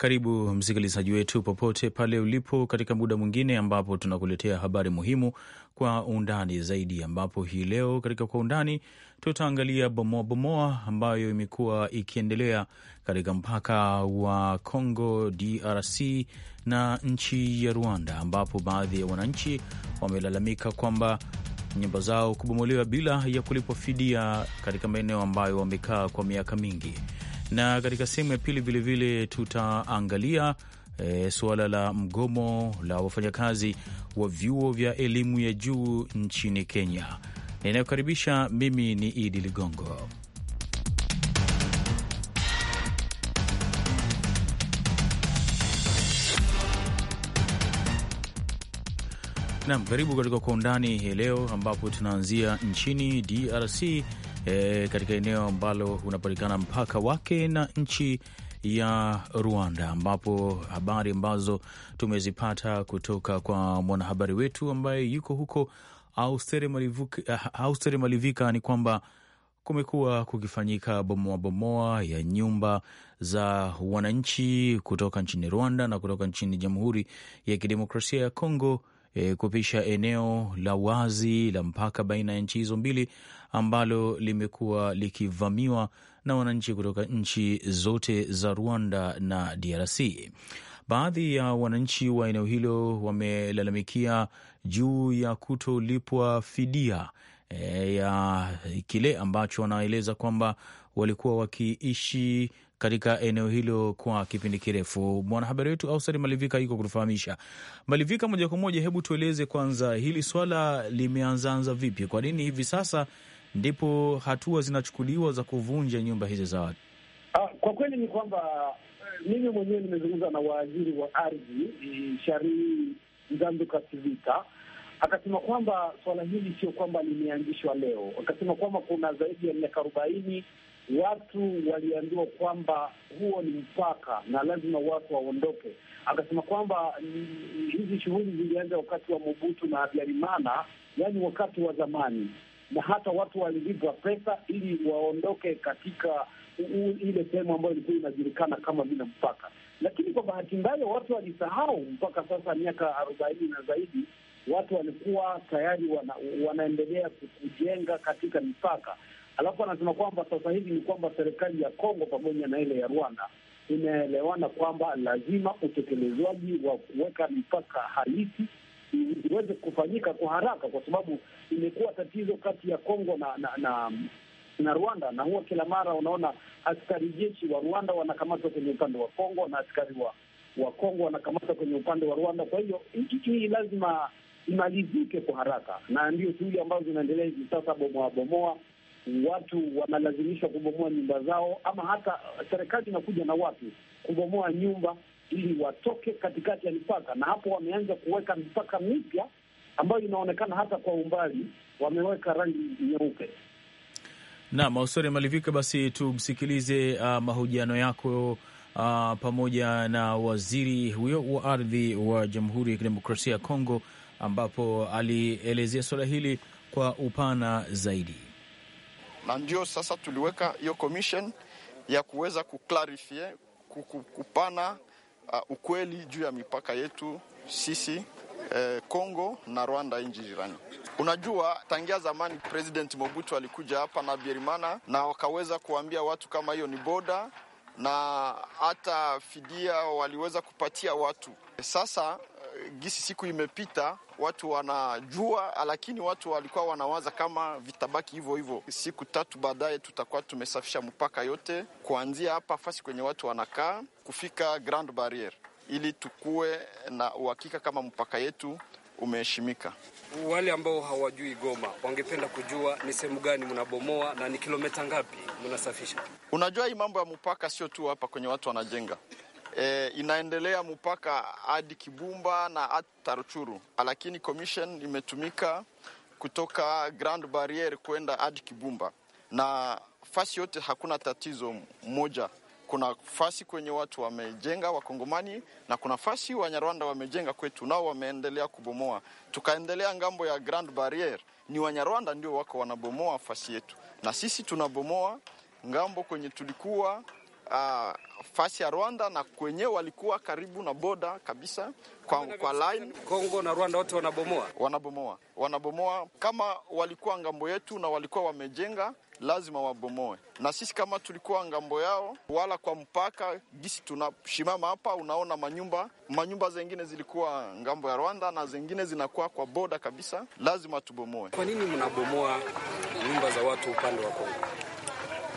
Karibu msikilizaji wetu popote pale ulipo, katika muda mwingine ambapo tunakuletea habari muhimu kwa undani zaidi, ambapo hii leo katika kwa undani tutaangalia bomoa bomoa ambayo imekuwa ikiendelea katika mpaka wa Congo DRC na nchi ya Rwanda, ambapo baadhi ya wananchi wamelalamika kwamba nyumba zao kubomolewa bila ya kulipwa fidia katika maeneo ambayo wamekaa kwa miaka mingi na katika sehemu ya pili vilevile tutaangalia e, suala la mgomo la wafanyakazi wa vyuo vya elimu ya juu nchini Kenya. Ninayokaribisha mimi ni Idi Ligongo. Nam, karibu katika Kwa Undani hii leo, ambapo tunaanzia nchini DRC e, katika eneo ambalo unapatikana mpaka wake na nchi ya Rwanda, ambapo habari ambazo tumezipata kutoka kwa mwanahabari wetu ambaye yuko huko Austere Malivika, ni kwamba kumekuwa kukifanyika bomoa bomoa ya nyumba za wananchi kutoka nchini Rwanda na kutoka nchini Jamhuri ya Kidemokrasia ya Kongo e, kupisha eneo la wazi la mpaka baina ya nchi hizo mbili ambalo limekuwa likivamiwa na wananchi kutoka nchi zote za Rwanda na DRC. Baadhi ya wananchi wa eneo hilo wamelalamikia juu ya kutolipwa fidia e, ya kile ambacho wanaeleza kwamba walikuwa wakiishi katika eneo hilo kwa kipindi kirefu. Mwanahabari wetu Ausari Malivika iko kutufahamisha. Malivika, moja kwa moja, hebu tueleze kwanza hili swala limeanzaanza vipi? Kwa nini hivi sasa ndipo hatua zinachukuliwa za kuvunja nyumba hizi za watu? Ah, kwa kweli ni kwamba eh, mimi mwenyewe nimezungumza na waajiri wa ardhi eh, Sharii Mzandu Kasivita akasema kwamba suala hili sio kwamba limeanzishwa leo. Akasema kwamba kuna zaidi ya miaka arobaini watu waliambiwa kwamba huo ni mpaka na lazima watu waondoke. Akasema kwamba hizi shughuli zilianza wakati wa Mobutu na Habyarimana, yaani wakati wa zamani na hata watu walilipwa pesa ili waondoke katika ile sehemu ambayo ilikuwa inajulikana kama vile mpaka. Lakini kwa bahati mbaya watu walisahau mpaka sasa, miaka arobaini na zaidi, watu walikuwa tayari wana, wanaendelea kujenga katika mipaka. Alafu anasema kwamba sasa hivi ni kwamba serikali ya Kongo pamoja na ile ya Rwanda inaelewana kwamba lazima utekelezwaji wa kuweka mipaka halisi iweze kufanyika kwa haraka, kwa sababu imekuwa tatizo kati ya Kongo na na, na na Rwanda, na huwa kila mara unaona askari jeshi wa Rwanda wanakamatwa kwenye upande wa Kongo na askari wa wa Kongo wanakamatwa kwenye upande wa Rwanda. Kwa hiyo nchi hii lazima imalizike kwa haraka, na ndio shughuli ambazo zinaendelea hivi sasa, bomoa bomoa watu wanalazimishwa kubomoa nyumba zao, ama hata serikali inakuja na watu kubomoa nyumba ili watoke katikati ya mipaka, na hapo wameanza kuweka mipaka mipya ambayo inaonekana hata kwa umbali, wameweka rangi nyeupe. Naam, Austori Malivika, basi tumsikilize uh, mahojiano yako uh, pamoja na waziri huyo wa ardhi wa Jamhuri ya Kidemokrasia ya Kongo, ambapo alielezea suala hili kwa upana zaidi. Na ndio sasa tuliweka hiyo commission ya kuweza kuklarifie kupana uh, ukweli juu ya mipaka yetu sisi eh, Kongo na Rwanda, nchi jirani. Unajua, tangia zamani President Mobutu alikuja hapa na Bierimana na wakaweza kuambia watu kama hiyo ni boda na hata fidia waliweza kupatia watu. Sasa gisi siku imepita, watu wanajua, lakini watu walikuwa wanawaza kama vitabaki hivyo hivyo. Siku tatu baadaye tutakuwa tumesafisha mpaka yote kuanzia hapa fasi kwenye watu wanakaa kufika Grand Barriere, ili tukuwe na uhakika kama mpaka yetu umeheshimika. Wale ambao hawajui Goma wangependa kujua ni sehemu gani mnabomoa na ni kilomita ngapi mnasafisha? Unajua, hii mambo ya mpaka sio tu hapa kwenye watu wanajenga e, inaendelea mpaka hadi Kibumba na hadi Tarchuru, lakini commission imetumika kutoka Grand Barrier kwenda hadi Kibumba na fasi yote hakuna tatizo moja. Kuna fasi kwenye watu wamejenga Wakongomani na kuna fasi Wanyarwanda wamejenga kwetu, nao wameendelea kubomoa. Tukaendelea ngambo ya Grand Barrier, ni Wanyarwanda ndio wako wanabomoa fasi yetu, na sisi tunabomoa ngambo kwenye tulikuwa ah, fasi ya Rwanda na kwenyewe walikuwa karibu na boda kabisa kwa, kwa line Kongo na Rwanda wote wanabomoa wanabomoa wanabomoa. Kama walikuwa ngambo yetu na walikuwa wamejenga, lazima wabomoe, na sisi kama tulikuwa ngambo yao. Wala kwa mpaka gisi tunashimama hapa, unaona manyumba manyumba zengine zilikuwa ngambo ya Rwanda na zengine zinakuwa kwa boda kabisa, lazima tubomoe. Kwa nini mnabomoa nyumba za watu upande wa Kongo?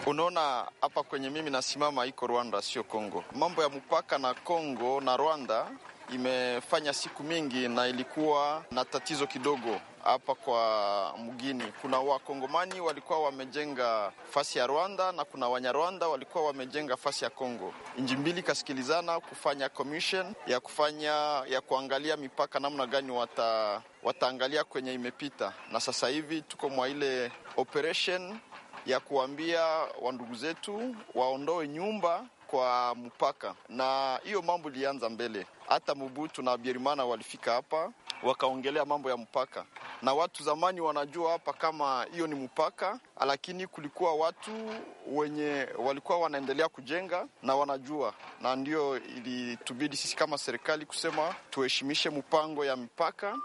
Unaona hapa kwenye mimi nasimama iko Rwanda, sio Kongo. Mambo ya mpaka na Kongo na Rwanda imefanya siku mingi na ilikuwa na tatizo kidogo hapa kwa mgini. Kuna wakongomani walikuwa wamejenga fasi ya Rwanda na kuna wanyarwanda walikuwa wamejenga fasi ya Kongo. Nchi mbili ikasikilizana kufanya commission ya kufanya ya kuangalia mipaka namna gani wata, wataangalia kwenye imepita, na sasa hivi tuko mwa ile operation ya kuambia wandugu zetu waondoe nyumba kwa mpaka, na hiyo mambo ilianza mbele. Hata Mubutu na Bierimana walifika hapa wakaongelea mambo ya mpaka, na watu zamani wanajua hapa kama hiyo ni mpaka, lakini kulikuwa watu wenye walikuwa wanaendelea kujenga na wanajua, na ndiyo ilitubidi sisi kama serikali kusema tuheshimishe mpango ya mipaka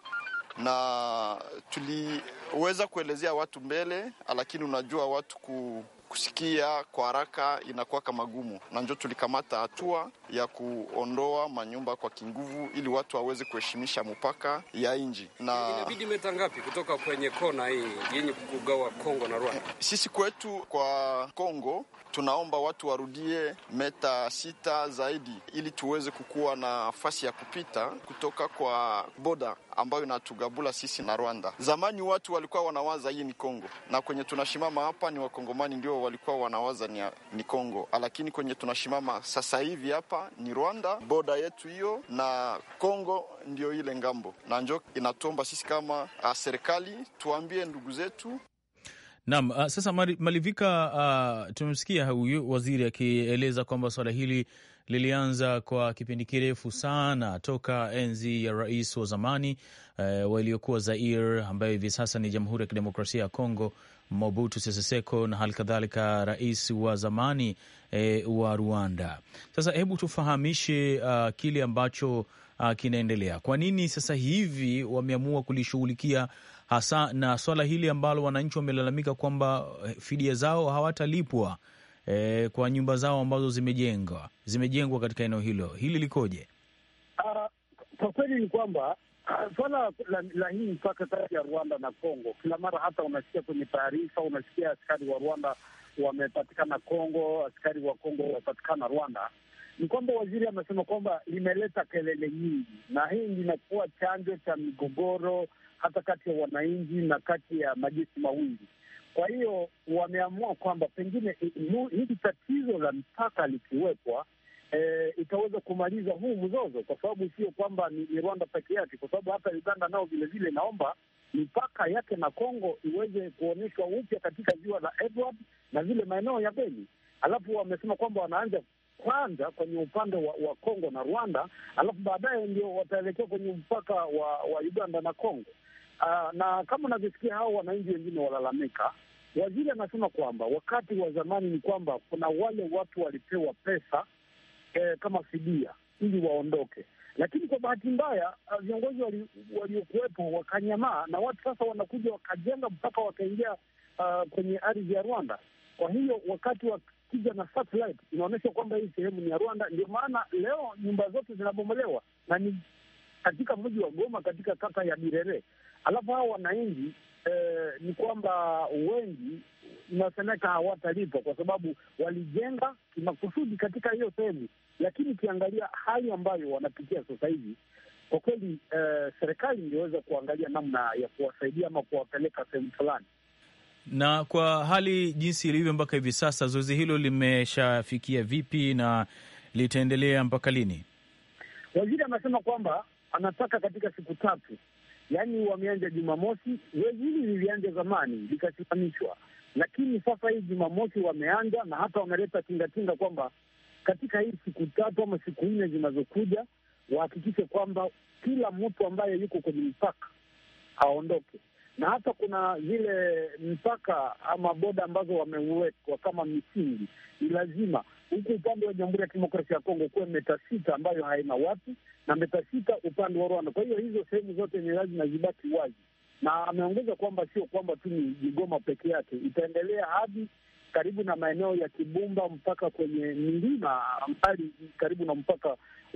na tuliweza kuelezea watu mbele, lakini unajua watu ku kusikia kwa haraka inakuwa kama gumu, na njo tulikamata hatua ya kuondoa manyumba kwa kinguvu ili watu waweze kuheshimisha mpaka ya nji. Na inabidi meta ngapi kutoka kwenye kona hii yenye kugawa Kongo na Rwanda? Sisi kwetu kwa Kongo tunaomba watu warudie meta sita zaidi, ili tuweze kukuwa na nafasi ya kupita kutoka kwa boda ambayo inatugabula sisi na Rwanda. Zamani watu walikuwa wanawaza hii ni Kongo, na kwenye tunashimama hapa ni wakongomani ndio walikuwa wanawaza ni, ni Kongo, lakini kwenye tunashimama sasa hivi hapa ni Rwanda, boda yetu hiyo na Kongo ndio ile ngambo, na njo inatuomba sisi kama ah, serikali tuambie ndugu zetu Naam, uh, sasa Malivika, uh, tumemsikia huyu waziri akieleza kwamba suala hili lilianza kwa kipindi kirefu sana toka enzi ya rais wa zamani uh, waliokuwa Zaire ambayo hivi sasa ni Jamhuri ya Kidemokrasia ya Kongo, Mobutu Sese Seko na hali kadhalika rais wa zamani e, wa Rwanda. Sasa hebu tufahamishe uh, kile ambacho uh, kinaendelea. Kwa nini sasa hivi wameamua kulishughulikia hasa na swala hili ambalo wananchi wamelalamika kwamba eh, fidia zao hawatalipwa e, kwa nyumba zao ambazo zimejengwa zimejengwa katika eneo hilo, hili likoje? Uh, kwa kweli ni kwamba ah, swala la, la hii mpaka kati ya Rwanda na Kongo, kila mara hata unasikia kwenye taarifa, unasikia askari wa Rwanda wamepatikana Kongo, askari wa Kongo wamepatikana Rwanda. Ni kwamba waziri amesema kwamba limeleta kelele nyingi, na hii linakuwa chanzo cha migogoro hata kati ya wananchi na kati ya majeshi mawili. Kwa hiyo wameamua kwamba pengine hili tatizo la mpaka likiwekwa E, itaweza kumaliza huu mzozo, kwa sababu sio kwamba ni, ni Rwanda peke yake, kwa sababu hata Uganda nao vilevile inaomba mipaka yake na Kongo iweze kuonyeshwa upya katika ziwa la Edward na vile maeneo ya Beni. Alafu wamesema kwamba wanaanza kwanza kwenye upande wa, wa Kongo na Rwanda, alafu baadaye ndio wataelekea kwenye mpaka wa, wa Uganda na Kongo. Uh, na kama unavyosikia hao wananchi wengine walalamika, waziri anasema kwamba wakati wa zamani ni kwamba kuna wale watu walipewa pesa eh, kama fidia ili waondoke, lakini kwa bahati mbaya ah, viongozi waliokuwepo wali wakanyamaa, na watu sasa wanakuja wakajenga mpaka wakaingia uh, kwenye ardhi ya Rwanda. Kwa hiyo wakati wakija na satellite inaonyesha kwamba hii sehemu ni ya Rwanda, ndio maana leo nyumba zote zinabomolewa na ni katika mji wa Goma, katika kata ya Birere. Alafu hao wananchi eh, ni kwamba wengi inasemeka hawatalipwa kwa sababu walijenga kimakusudi katika hiyo sehemu, lakini ukiangalia hali ambayo wanapitia sasa hivi kwa kweli eh, serikali ingeweza kuangalia namna ya kuwasaidia ama kuwapeleka sehemu fulani na kwa hali jinsi ilivyo mpaka hivi sasa, zoezi hilo limeshafikia vipi na litaendelea mpaka lini? Waziri amesema kwamba anataka katika siku tatu yaani wameanza Jumamosi. Zoezi hili lilianza zamani likasimamishwa, lakini sasa hii Jumamosi wameanza na hata wameleta tingatinga kwamba katika hii siku tatu ama siku nne zinazokuja wahakikishe kwamba kila mtu ambaye yuko kwenye mpaka aondoke, na hata kuna zile mpaka ama boda ambazo wamewekwa kama misingi, ni lazima huku upande wa Jamhuri ya Kidemokrasia ya Kongo kuwe meta sita ambayo haina watu na meta sita upande wa Rwanda. Kwa hiyo hizo sehemu zote ni lazima zibaki wazi, na ameongeza kwamba sio kwamba tu ni Jigoma peke yake, itaendelea hadi karibu na maeneo ya Kibumba mpaka kwenye milima mbali karibu na mpaka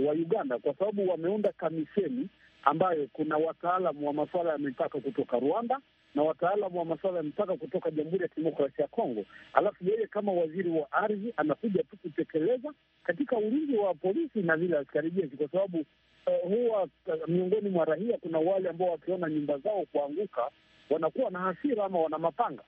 wa Uganda, kwa sababu wameunda kamiseni ambayo kuna wataalamu wa masuala ya mipaka kutoka Rwanda na wataalamu wa masuala ya mpaka kutoka Jamhuri ya Kidemokrasia ya Kongo, alafu yeye kama waziri wa ardhi anakuja tu kutekeleza katika ulinzi wa polisi na vile askari jeshi, kwa sababu uh, huwa uh, miongoni mwa raia kuna wale ambao wakiona nyumba zao kuanguka wanakuwa na hasira ama wana mapanga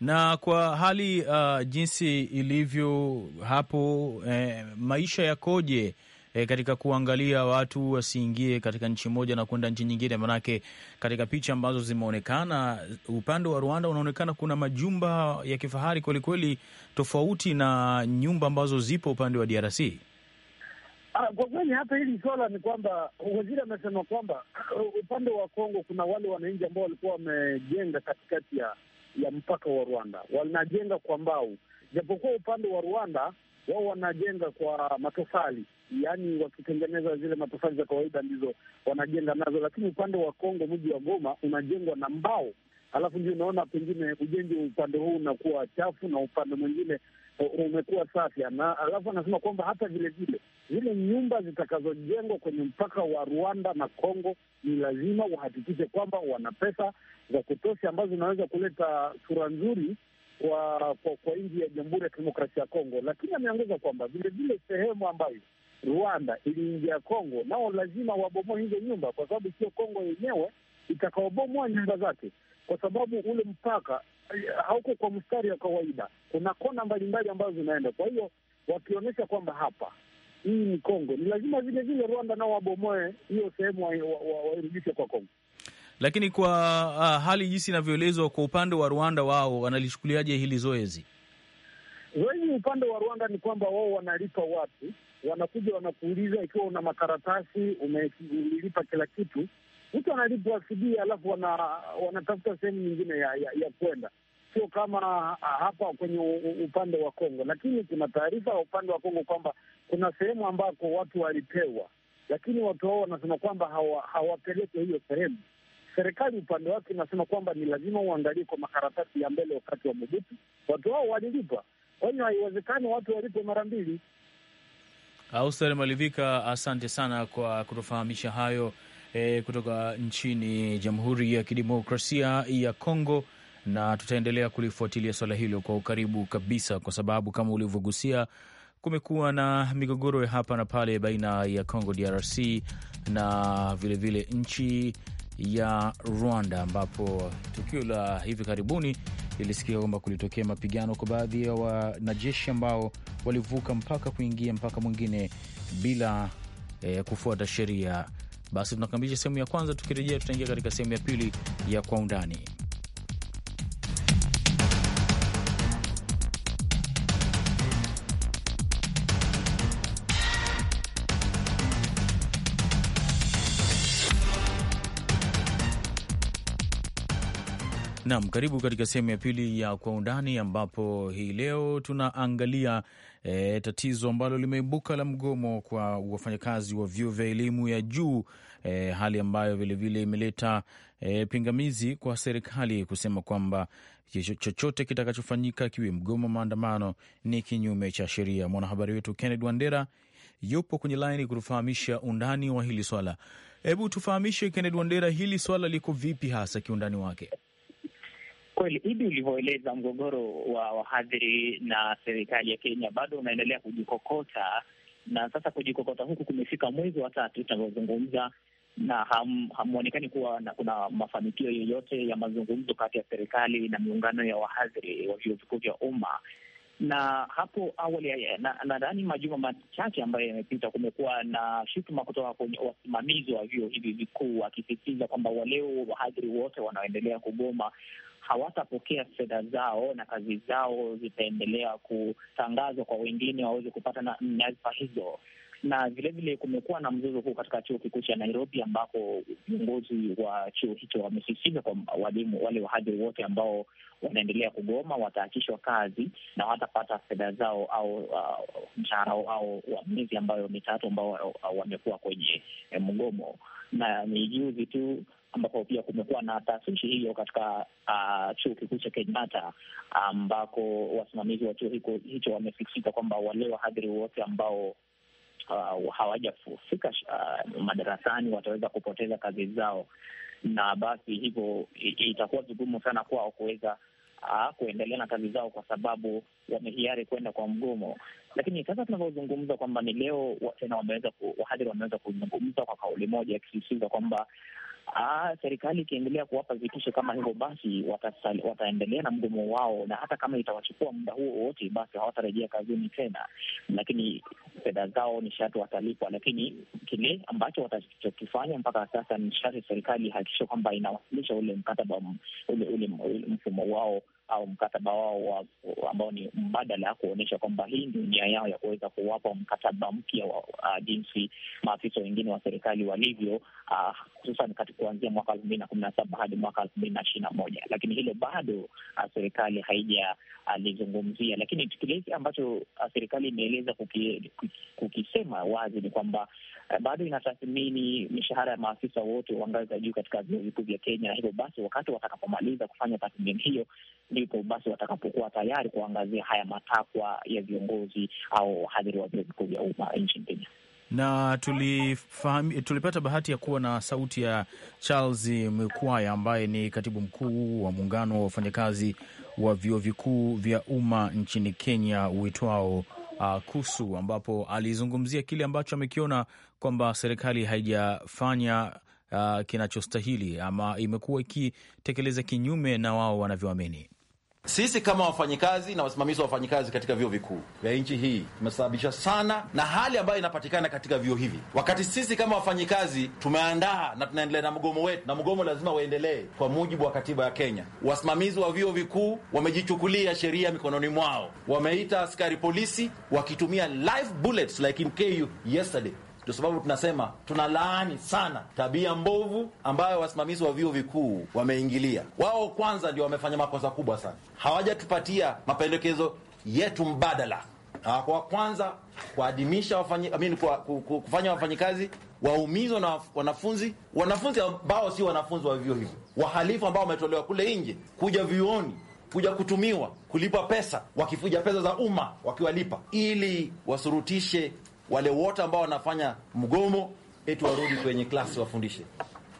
na kwa hali uh, jinsi ilivyo hapo eh, maisha yakoje? e, katika kuangalia watu wasiingie katika nchi moja na kwenda nchi nyingine? Manake katika picha ambazo zimeonekana upande wa Rwanda unaonekana kuna majumba ya kifahari kwelikweli, tofauti na nyumba ambazo zipo upande wa DRC. Ah, kwa kweli hata hili swala ni kwamba waziri amesema kwamba uh, upande wa Kongo kuna wale wananchi ambao walikuwa wamejenga katikati ya ya mpaka wa Rwanda, wanajenga kwa mbao, japokuwa upande wa Rwanda wao wanajenga kwa matofali, yaani wakitengeneza zile matofali za kawaida ndizo wanajenga nazo, lakini upande wa Kongo, mji wa Goma unajengwa na mbao, alafu ndio unaona pengine ujenzi upande huu unakuwa chafu na upande mwingine umekuwa safi na alafu anasema kwamba hata vile vile zile nyumba zitakazojengwa kwenye mpaka wa Rwanda na Kongo ni lazima wahakikishe kwamba wana pesa za kutosha ambazo zinaweza kuleta sura nzuri kwa kwa, kwa nchi ya Jamhuri ya Kidemokrasia ya Kongo, lakini ameongeza kwamba vilevile sehemu ambayo Rwanda iliingia Kongo, nao lazima wabomoe hizo nyumba, kwa sababu sio Kongo yenyewe itakaobomoa nyumba zake, kwa sababu ule mpaka eh, hauko kwa mstari wa kawaida. Kuna kona mbalimbali ambazo zinaenda, kwa hiyo wakionyesha kwamba hapa hii ni Kongo, ni lazima vilevile Rwanda nao wabomoe hiyo sehemu, wairudishe wa, wa, wa kwa Kongo. Lakini kwa uh, hali jinsi inavyoelezwa kwa upande wa Rwanda, wao wanalishughuliaje hili zoezi? Zoezi upande wa Rwanda ni kwamba wao wanalipa watu, wanakuja wanakuuliza ikiwa una makaratasi, umelipa kila kitu, mtu analipwa fidia, alafu wanatafuta wana sehemu nyingine ya, ya, ya kwenda sio kama ah, hapa kwenye upande wa Kongo, lakini kuna taarifa ya upande wa Kongo kwamba kuna sehemu ambako watu walipewa, lakini watu hao wanasema kwamba hawa, hawapelekwe hiyo sehemu, Serikali upande wake inasema kwamba ni lazima uangalie kwa makaratasi ya mbele, wakati wa Mobutu watu hao walilipa Kwa hiyo haiwezekani watu walipe mara mbili. Austari Malivika, asante sana kwa kutufahamisha hayo e, kutoka nchini Jamhuri ya Kidemokrasia ya Kongo, na tutaendelea kulifuatilia swala hilo kwa ukaribu kabisa, kwa sababu kama ulivyogusia kumekuwa na migogoro ya hapa na pale baina ya Congo DRC na vilevile vile nchi ya Rwanda, ambapo tukio la hivi karibuni lilisikia kwamba kulitokea mapigano kwa baadhi ya wanajeshi ambao walivuka mpaka kuingia mpaka mwingine bila eh, kufuata sheria. Basi tunakamilisha sehemu ya kwanza, tukirejea tutaingia katika sehemu ya pili ya kwa undani. Naam, karibu katika sehemu ya pili ya Kwa Undani, ambapo hii leo tunaangalia e, tatizo ambalo limeibuka la mgomo kwa wafanyakazi wa vyuo vya elimu ya juu e, hali ambayo vilevile imeleta e, pingamizi kwa serikali kusema kwamba chochote kitakachofanyika kiwe mgomo, maandamano, ni kinyume cha sheria. Mwanahabari wetu Kenneth Wandera yupo kwenye laini kutufahamisha undani wa hili swala. Hebu tufahamishe Kenneth Wandera, hili swala liko vipi hasa kiundani wake? Kweli hivi ulivyoeleza, mgogoro wa wahadhiri na serikali ya Kenya bado unaendelea kujikokota, na sasa kujikokota huku kumefika mwezi wa tatu tunavyozungumza, na hamuonekani kuwa na kuna mafanikio yoyote ya mazungumzo kati ya serikali na miungano ya wahadhiri wa vyuo vikuu vya umma na hapo awali nadhani na majuma machache ambayo yamepita, kumekuwa na shutuma kutoka kwenye wasimamizi wa vyuo hivi vikuu wakisisitiza kwamba waleo wahadhiri wote wanaoendelea kugoma hawatapokea fedha zao na kazi zao zitaendelea kutangazwa kwa wengine waweze kupata na nyadhifa hizo na vilevile kumekuwa na mzozo huu katika chuo kikuu cha Nairobi, ambapo viongozi wa chuo hicho wamesisitiza kwamba walimu wale wahadhiri wote ambao wanaendelea kugoma wataachishwa kazi na watapata fedha zao au uh, mshahara uh, au wa miezi ambayo mitatu ambao wamekuwa kwenye eh, mgomo. Na ni juzi tu ambapo pia kumekuwa na taasisi hiyo katika uh, chuo kikuu cha Kenyatta ambako wasimamizi wa chuo hicho wamesisitiza kwamba wale wahadhiri wote ambao uh, hawajafika uh, madarasani wataweza kupoteza kazi zao, na basi hivyo itakuwa vigumu sana kwao kuweza uh, kuendelea na kazi zao kwa sababu wamehiari kwenda kwa mgomo. Lakini sasa tunavyozungumza kwamba ni leo tena wameweza wahadhiri wameweza kuzungumza kwa kauli moja, akisisitiza kwamba Aa, ah, serikali ikiendelea kuwapa vitisho kama hivyo, basi wataendelea na mgomo wao, na hata kama itawachukua muda huo wote, basi hawatarejea kazini tena, lakini fedha zao ni sharti watalipwa. Lakini kile ambacho watachokifanya mpaka sasa ni sharti serikali hakikisha kwamba inawasilisha ule mkataba ule, ule mfumo wao au mkataba wao ambao ni mbadala, kuonyesha kwamba hii ndio nia yao ya kuweza kuwapa mkataba mpya wa uh, jinsi maafisa wengine wa serikali walivyo Ah, hususan uh, kati kuanzia mwaka elfu mbili na kumi na saba hadi mwaka elfu mbili na ishirini na moja lakini hilo bado uh, serikali haijalizungumzia. Ah, uh, lakini kile ambacho uh, serikali imeeleza kuki, wazi ni kwamba uh, bado inatathmini mishahara ya maafisa wote wa ngazi za juu katika vyuo vikuu vya Kenya, na hivyo basi wakati watakapomaliza kufanya tathmini hiyo ndipo basi watakapokuwa tayari kuangazia haya matakwa ya viongozi au wahadhiri wa vyuo vikuu vya umma nchini Kenya na tulifahami, tulipata bahati ya kuwa na sauti ya Charles Mkwaya ambaye ni katibu mkuu wa muungano wa wafanyakazi wa vyuo vikuu vya umma nchini Kenya uitwao Uh, KUSU ambapo alizungumzia kile ambacho amekiona kwamba serikali haijafanya uh, kinachostahili ama imekuwa ikitekeleza kinyume na wao wanavyoamini. Sisi kama wafanyikazi na wasimamizi wa wafanyikazi katika vyuo vikuu vya nchi hii tumesababisha sana na hali ambayo inapatikana katika vyuo hivi, wakati sisi kama wafanyikazi tumeandaa na tunaendelea na mgomo wetu, na mgomo lazima uendelee kwa mujibu wa katiba ya Kenya. Wasimamizi wa vyuo vikuu wamejichukulia sheria mikononi mwao, wameita askari polisi wakitumia live bullets like in KU yesterday ndio sababu tunasema tunalaani sana tabia mbovu ambayo wasimamizi wa vyuo vikuu wameingilia. Wao kwanza ndio wamefanya makosa kubwa sana, hawajatupatia mapendekezo yetu mbadala. Kwa kwanza kuadimisha wafanyi, kwa, kufanya wafanyikazi waumizwa na wanafunzi wanafunzi ambao si wanafunzi wa vyuo hivyo, wahalifu ambao wametolewa kule nje kuja vyuoni kuja kutumiwa kulipwa pesa, wakifuja pesa za umma wakiwalipa, ili wasurutishe wale wote ambao wanafanya mgomo eti warudi kwenye klasi wafundishe.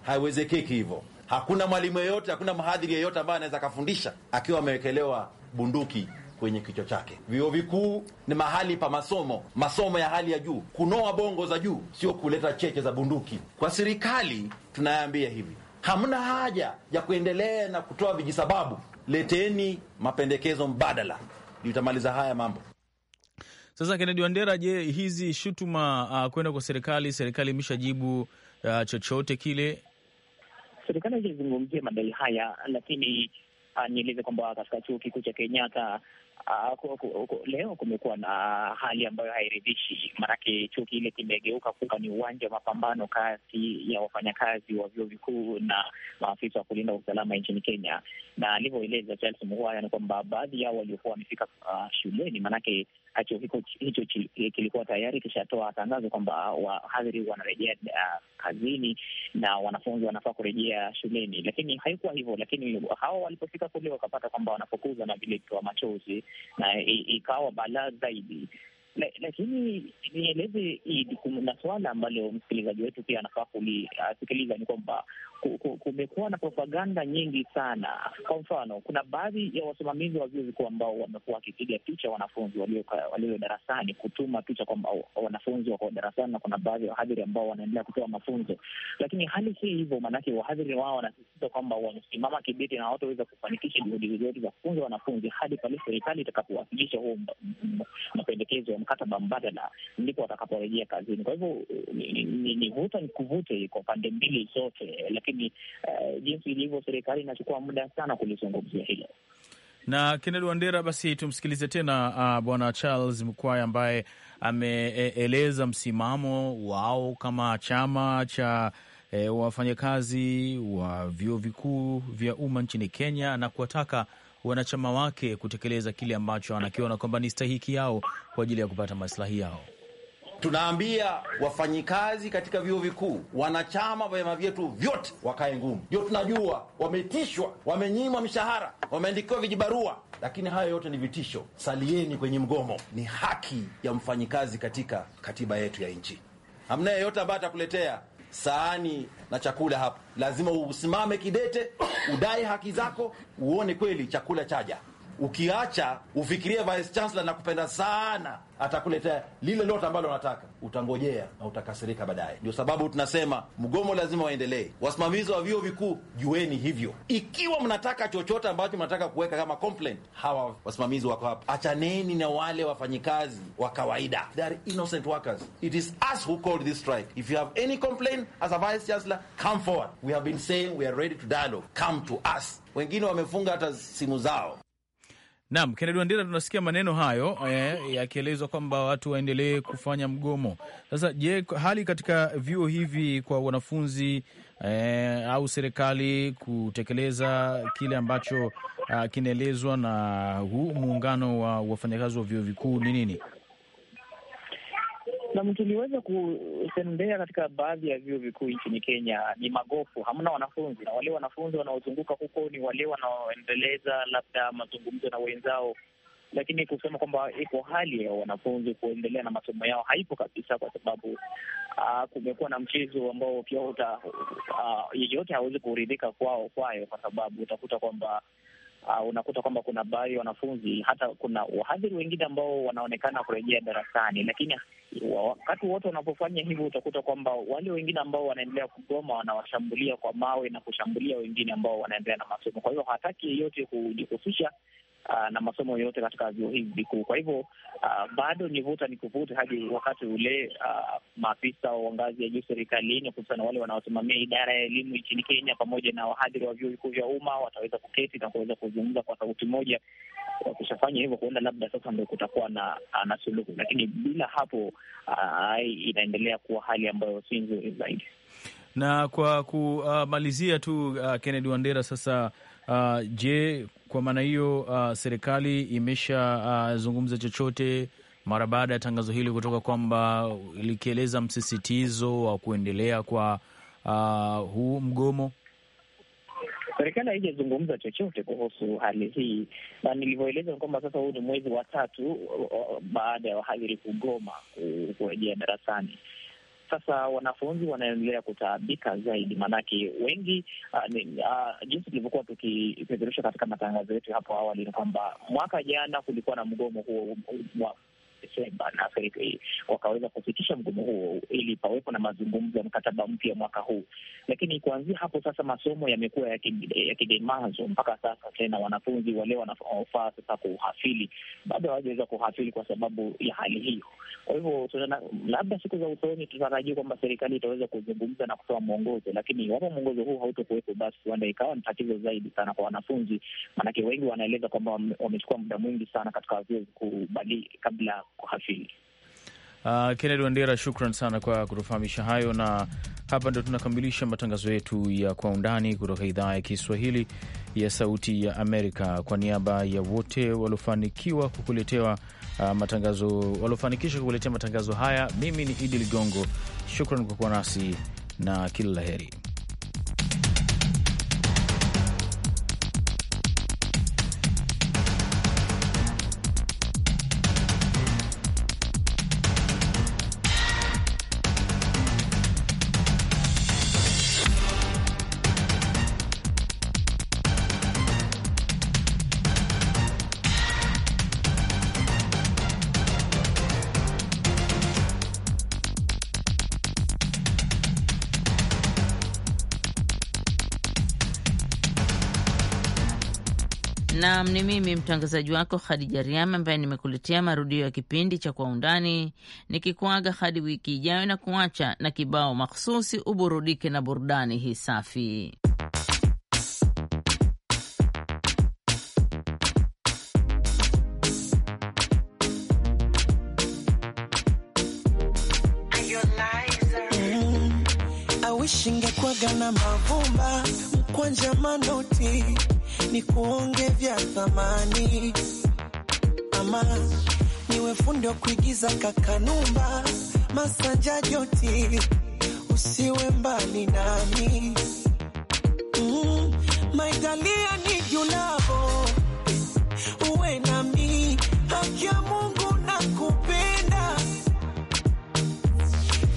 Haiwezekeki hivyo. Hakuna mwalimu yeyote, hakuna mhadhiri yeyote ambaye anaweza akafundisha akiwa amewekelewa bunduki kwenye kichwa chake. Vyuo vikuu ni mahali pa masomo, masomo ya hali ya juu, kunoa bongo za juu, sio kuleta cheche za bunduki. Kwa serikali tunayaambia hivi, hamna haja ya kuendelea na kutoa vijisababu. Leteni mapendekezo mbadala, litamaliza haya mambo. Sasa Kennedy Wandera, je, hizi shutuma uh, kwenda kwa serikali, serikali imeshajibu uh, chochote kile? Serikali haijazungumzia madai haya, lakini uh, nieleze kwamba katika chuo kikuu cha Kenyatta uh, leo kumekuwa na hali ambayo hairidhishi, maanake chuo kile kimegeuka kuwa ni uwanja wa mapambano kati ya wafanyakazi wa vyuo vikuu na maafisa wa kulinda usalama nchini Kenya, na alivyoeleza Charles Mughwaya ni kwamba baadhi yao waliokuwa wamefika uh, shuleni maanake hicho hicho eh, kilikuwa tayari kishatoa tangazo kwamba ah, wahadhiri wanarejea uh, kazini na wanafunzi wanafaa kurejea shuleni, lakini haikuwa hivyo. Lakini hawa walipofika kule wakapata kwamba wanapokuza na vile toa machozi, na eh, ikawa balaa zaidi. Lakini nieleze Idi, kuna suala ambalo msikilizaji wetu pia anafaa kulisikiliza, ni kwamba kumekuwa na propaganda nyingi sana. Kwa mfano, kuna baadhi ya wasimamizi wa vyuo vikuu ambao wamekuwa wakipiga picha wanafunzi walio darasani, kutuma picha kwamba wanafunzi wako darasani, na kuna baadhi ya wahadhiri ambao wanaendelea kutoa mafunzo. Lakini hali si hivyo, maanake wahadhiri wao wanasisitiza kwamba wamesimama kibiti na hawataweza kufanikisha juhudi zozote za kufunza wanafunzi hadi pale serikali itakapowasilisha huo mapendekezo mkataba mbadala ndipo watakaporejea kazini. Kwa hivyo uh, ni vuta ni kuvute kwa pande mbili zote, lakini uh, jinsi ilivyo, serikali inachukua muda sana kulizungumzia hilo na Kennedy Wandera, basi tumsikilize tena uh, bwana Charles mkwai ambaye ameeleza msimamo wao kama chama cha e, wafanyakazi wa vyuo vikuu vya umma nchini Kenya na kuwataka wanachama wake kutekeleza kile ambacho anakiona kwamba ni stahiki yao kwa ajili ya kupata maslahi yao. Tunaambia wafanyikazi katika vyuo vikuu, wanachama wa vyama vyetu vyote wakae ngumu. Ndio tunajua wameitishwa, wamenyimwa mishahara, wameandikiwa vijibarua, lakini hayo yote ni vitisho. Salieni kwenye mgomo, ni haki ya mfanyikazi katika katiba yetu ya nchi. Hamna yeyote ambaye atakuletea sahani na chakula hapo, lazima usimame kidete, udai haki zako, uone kweli chakula chaja. Ukiacha ufikirie vice chancellor na kupenda sana, atakuletea lile lote ambalo unataka, utangojea na utakasirika baadaye. Ndio sababu tunasema mgomo lazima waendelee. Wasimamizi wa vyuo vikuu jueni hivyo, ikiwa mnataka chochote ambacho mnataka kuweka kama complaint, hawa wasimamizi wako hapa. Achaneni na wale wafanyikazi wa kawaida, they are innocent workers. It is us who called this strike. If you have any complaint as a vice chancellor, come forward. We have been saying we are ready to dialogue. Come to us. Wengine wamefunga hata simu zao. Naam, Kennedy Wandera, tunasikia maneno hayo eh, yakielezwa kwamba watu waendelee kufanya mgomo. Sasa je, hali katika vyuo hivi kwa wanafunzi eh, au serikali kutekeleza kile ambacho ah, kinaelezwa na huu muungano wa wafanyakazi wa vyuo vikuu ni nini? Naam, tuliweza kutembea katika baadhi ya vyuo vikuu nchini Kenya. Ni magofu, hamna wanafunzi, na wale wanafunzi wanaozunguka huko ni wale wanaoendeleza labda mazungumzo na wenzao, lakini kusema kwamba iko hali ya wanafunzi kuendelea na masomo yao haipo kabisa, kwa sababu uh, kumekuwa na mchezo ambao pia uta uh, yeyote hawezi kuridhika kwao kwayo, kwa sababu utakuta kwamba Uh, unakuta kwamba kuna baadhi ya wanafunzi hata kuna wahadhiri wengine ambao wanaonekana kurejea darasani, lakini wakati wote wanapofanya hivyo utakuta kwamba wale wengine ambao wanaendelea kugoma wanawashambulia kwa mawe na kushambulia wengine ambao wanaendelea na masomo. Kwa hiyo hataki yeyote kujihusisha uh, na masomo yote katika vyuo hivi vikuu. Kwa hivyo uh, bado ni vuta ni kuvuta hadi wakati ule uh, maafisa wa ngazi ya juu serikalini, hususana wale wanaosimamia idara ya elimu nchini Kenya pamoja na wahadhiri wa vyuo vikuu vya umma wataweza kuketi na kuweza kuzungumza kwa sauti moja. Wakishafanya hivyo, huenda labda sasa ndo kutakuwa na, uh, na suluhu, lakini bila hapo uh, inaendelea kuwa hali ambayo si nzuri zaidi. Na kwa kumalizia tu uh, Kennedy Wandera sasa Uh, je, kwa maana hiyo uh, serikali imeshazungumza ah, uh, chochote mara baada ya tangazo hili kutoka kwamba likieleza msisitizo wa kuendelea kwa uh, huu mgomo? Serikali haijazungumza chochote kuhusu hali hii, na nilivyoeleza kwamba sasa huu ni mwezi wa tatu baada ya wahadhiri kugoma kurejea darasani. Sasa wanafunzi wanaendelea kutaabika zaidi, maanake wengi uh, jinsi tulivyokuwa tukipeperusha katika matangazo yetu hapo awali ni kwamba mwaka jana kulikuwa na mgomo huo Desemba na serikali wakaweza kupitisha mgomo huo ili pawepo na mazungumzo ya mkataba mpya mwaka huu. Lakini kuanzia hapo sasa masomo yamekuwa yakidemazwa mpaka sasa tena, wanafunzi wale wanaofaa sasa kuhafili bado hawajaweza kuhafili kwa sababu ya hali hiyo. Kwa hivyo labda siku za usoni tutarajia kwamba serikali itaweza kuzungumza na kutoa mwongozo, lakini iwapo mwongozo huu hautokuwepo, basi huenda ikawa ni tatizo zaidi sana kwa wanafunzi, maanake wengi wanaeleza kwamba wamechukua muda mwingi sana katika vyuo vikuu kabla kuhafili. Uh, ah, Kennedy Wandera, shukran sana kwa kutufahamisha hayo, na hapa ndo tunakamilisha matangazo yetu ya Kwa Undani kutoka idhaa ya Kiswahili ya Sauti ya Amerika. Kwa niaba ya wote waliofanikiwa kukuletewa uh, matangazo waliofanikisha kukuletea matangazo haya, mimi ni Idi Ligongo, shukran kwa kuwa nasi na kila la heri. Naam, ni mimi mtangazaji wako Khadija Riama ambaye nimekuletea marudio ya kipindi cha Kwa Undani, nikikuaga hadi wiki ijayo na kuacha na kibao makhususi uburudike na burudani hii safi. Mm, na mavumba mkwanja manoti ni kuonge vya thamani ama niwe fundi wa kuigiza Kakanumba Masanja Joti, usiwe mbali nami mm, my darling, I need love, uwe nami, haki ya Mungu na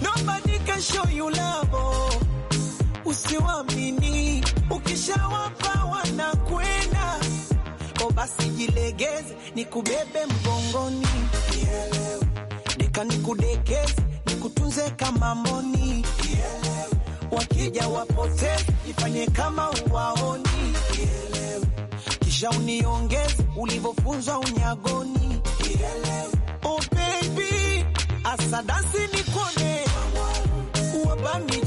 nobody can show you love, usiwa ukishawapa wanakwenda ko, oh, basi jilegeze, nikubebe mgongoni, deka nikudekeze, nikutunze kama moni, wakija wapoteze, ifanye kama uwaoni, kisha uniongeze ulivyofunzwa unyagoni. Oh baby, asadasi nikone wabami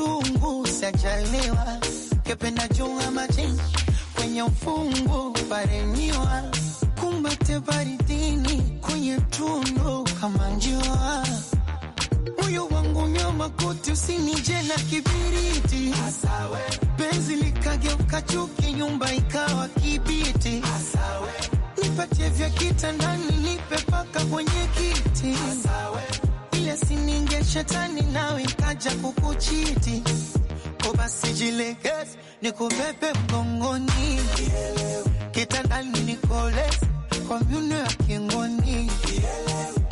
kitungu sajaliwa kependa junga majini kwenye ufungu pareniwa kumbate baridini kwenye tundu kama muyo moyo wangu nyoma koti usinije na kibiriti penzi likageuka chuki nyumba ikawa kibiti nipatie vya kitandani nipe paka kwenye kiti Asawe. Uje sininge shetani nawe nkaja kukuchiti ko basi jilegeze nikubebe mgongoni kitandani nikoleze kwa myuno ya kingoni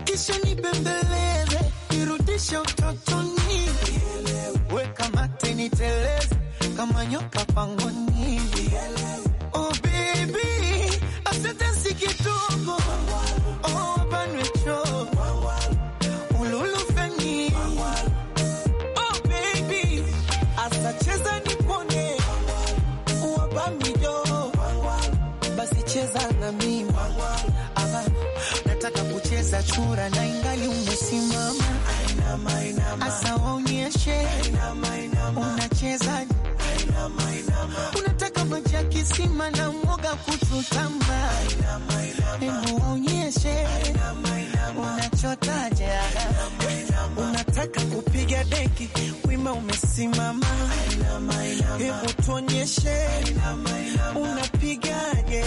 kisha nibembeleze nirudishe utotoni weka mate niteleze kama nyoka pangoni. Oh baby, asante si sura na ingali umesimama, asa waonyeshe unacheza, unataka maji ya kisima na mwoga kututamba hebu waonyeshe unachotaja, unataka kupiga deki wima umesimama, hebu tuonyeshe unapigaje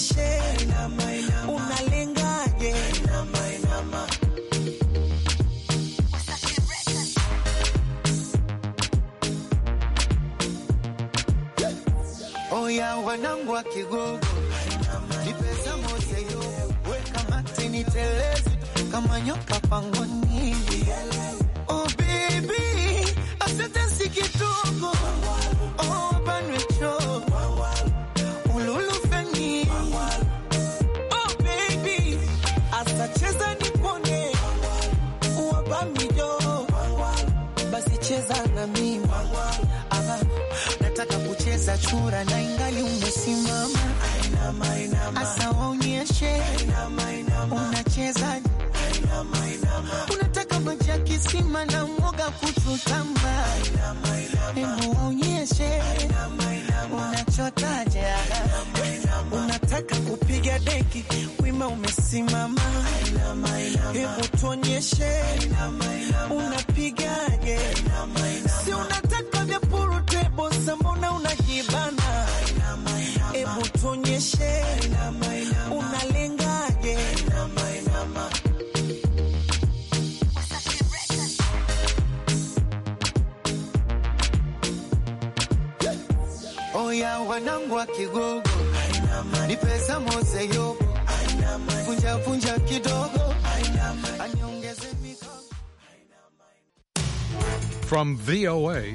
Nionyeshe unalengaje? Oya wanangu wa Kigogo, nipesa mose yo weka mate niteleze kama nyoka pangoni. Oh baby, asante si za chura na ingali umesimama, hasa waonyeshe unacheza, unataka maji ya kisima na mwoga kuchutamba, hebu waonyeshe unachotaja, unataka kupiga deki, wima umesimama, hebu tuonyeshe unapigaje, si unataka bosa, mbona unajibana? Ebu tuonyeshe unalengaje? Oya wanangu wa Kigogo, ni pesa mose yogo, funja funja kidogo aniongeze from VOA